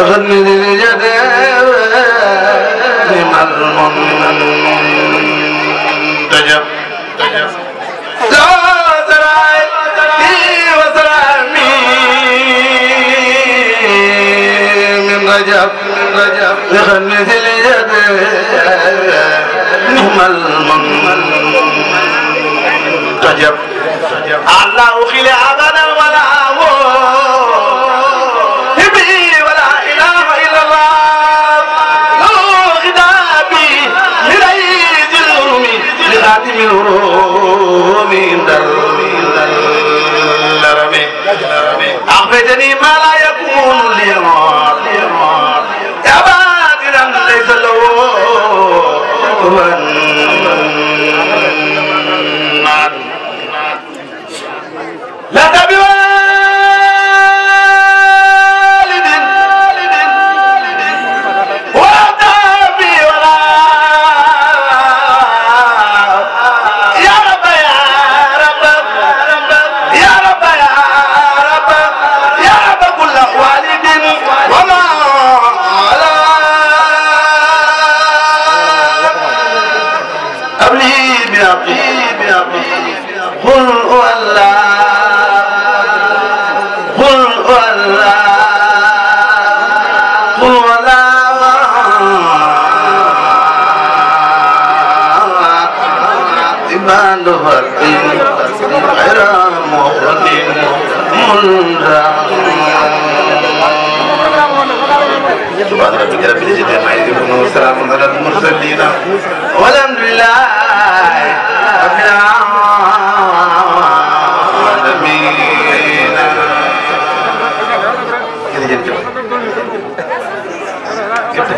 غني اليدين المنتجب تجب لا رجب رجب لغني ذي اليد نهمل من رجب الله خلع بنا ولا ليتني ما لا يكون لي مار يا بادرا ليس له قل هو الله قل هو الله قل عباد فرد غير مخرج منذ سبحان ربك رب العزة عما يصفون وسلام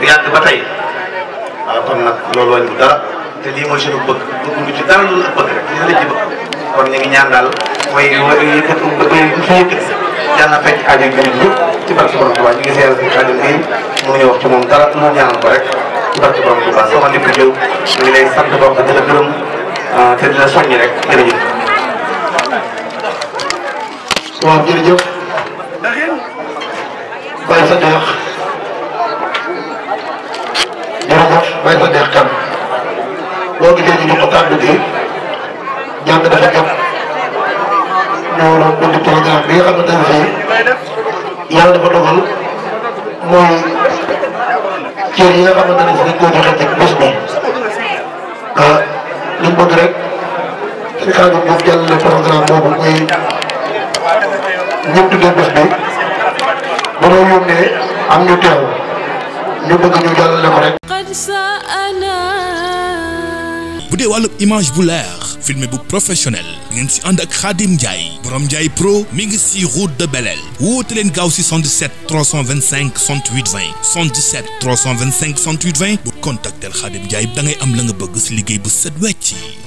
di yàgg ba kon nag loolu wàññi dara te lii mooy suñu bëgg bëgguñu ci dara lu bëgg rek lii la ci bëgg kon ñu ngi ñaan daal mooy mooy yëkkati mooy yëkkati yàlla fekk aajo gi yëpp ci barke borom Tuubaa ñu ngi seeral si xaadim bi wax ci dara ñaanal ko rek ci barke borom ko jëw lay sant di la gërëm te la rek may ko neex tam loolu gisee ñu jox ko kàddu gi jàng dafa jot ñoo doon bind programme bi nga xamante ne fii yàlla dafa dogal mooy cër yi nga xamante ne si dañ koo joxe ah, programme boobu muy ñëpp tuddee bés bi ba doon yónnee am ñu teew ñu bëgg ñu jàllale ko rek. bu dee wàllu image bu leer filmé bu professionnel ngeen si ànd ak Khadim Ndiaye borom Ndiaye pro mi ngi si route de Belel woote leen gaaw si 77 325 68 20 77 325 68 20 bu contactel Khadim Ndiaye da am la nga bëgg si liggéey bu set wecc